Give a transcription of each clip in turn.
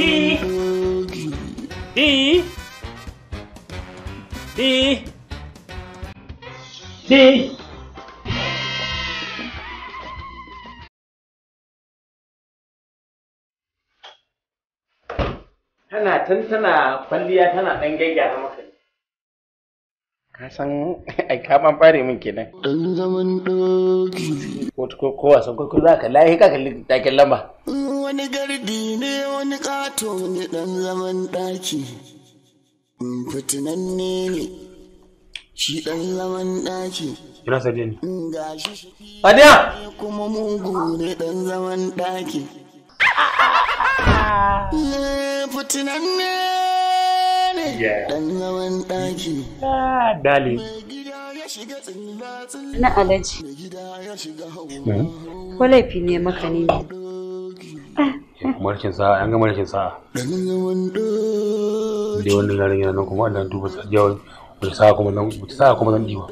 D D D D tana tun tana kwalliya tana ɗan gyaggyara maka ka san ai ka ban fare min kenan dan zaman doki ko ko wasan kwaikwayo za ka lahi ka kalli takin lamba wani gardi ne wani kato ne dan zaman in mm, fitinanne ne shi dan zaman daki ina sadiya mm, ne sadiya kuma mungu ne dan zaman daki fitinanne ne dan zaman daki ah, dali na alaji hmm? ko laifi ne maka ne Markin sa'a, an ga markin sa'a. Dai wannan larin yana nan kuma Allah duba jawon wata sa'a kuma nan wata sa'a kuma nan diwa.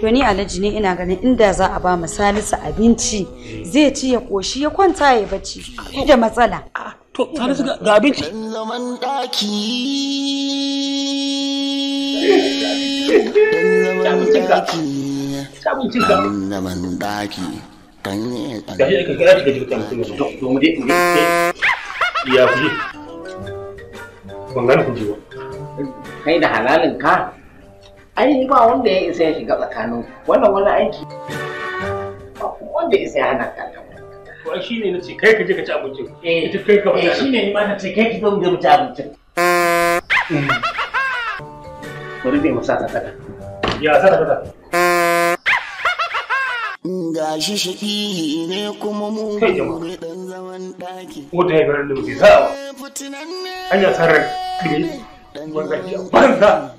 To ni Alhaji ne ina ganin inda za a ba ma Salisu abinci zai ci ya koshi ya kwanta ya bacci shi da matsala. To Salisu ga abinci. Zaman daki. Zaman daki. Zaman daki. Amin. ni ai ni mu eh, eh, hmm. Ya kuji. Kai da halalin ka ai ba wanda ya isa ya shiga tsakanin wannan wani aiki ba wanda ya isa hana ka shine nace kai ka je ka ci abincin ita shine ni ma na ce kai ki zo mu je mu ci abincin bari dai mu ta ya sa ta ga shi shaƙi ne kuma mu ne dan zaman ɗaki ko da yabar lubi za a hanya sarar kire wanda ke banza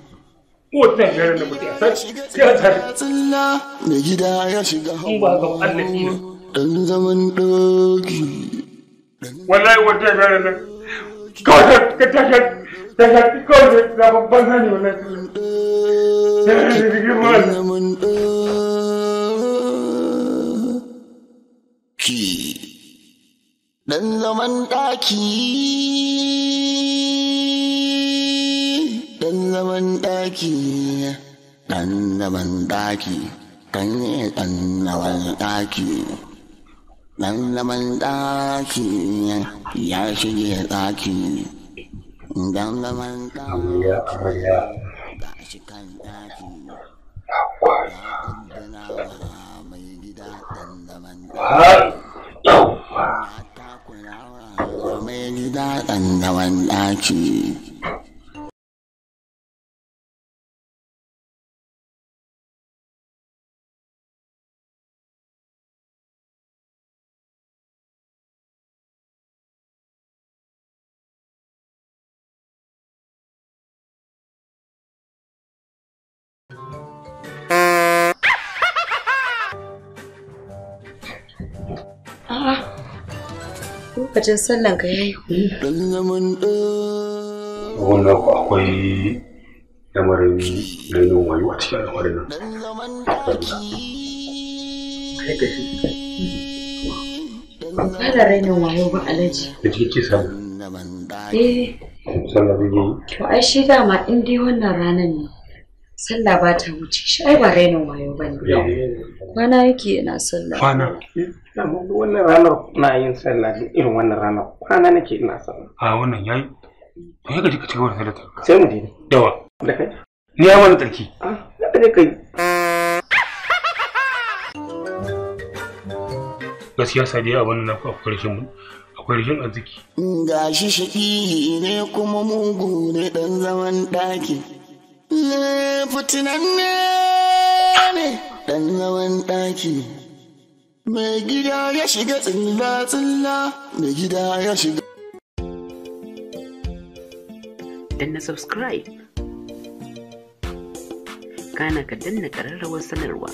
ko da yabar a sai ya da gida ya shiga in ba ga Allah ne dan zaman ɗaki wallahi wata yabar nan kawai ka tashar tashar kawai da ban banza ne wallahi zaman ɗaki dan zaman ɗaki dan zaman ɗaki dan zaman ɗaki kan yi dan zaman ɗaki dan zaman ɗaki ya shige ɗaki dan zaman ɗaki kan ɗaki ya kaddana mai gida dan zaman ɗaki wanda wanda ke lokacin sallan ka yi. dan zaman da wannan ku akwai lamarin rainin wayo a cikin lamarin nan ba da rainin wayo ba alaji da kike sallah eh sallah ne to ai shi dama in dai wannan ranar ne sallah ba ta wuce shi ai ba rainin wayo ba ne eh, eh, kwana yake na sallah kwana wannan ranar na yin sallah irin wannan ranar kwana nake ina sallah a wannan yayi to ya gaji ka cigaba da sallah sai mu dai dawa da kai ni ya mana tarki a ah, da kai gaskiya sadiya abin na akwai rashin akwai rashin arziki gashi shaƙi ne kuma mugu ne dan zaman ɗaki fitinan ne ɗan rawan ɗaki mai gida ya shiga tsilla-tsilla mai gida ya shiga danna subscribe kana ka danna ƙararrawar sanarwa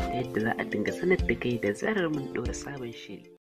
ta yadda za a dinga sanar da kai da zarar mun ɗora sabon shiri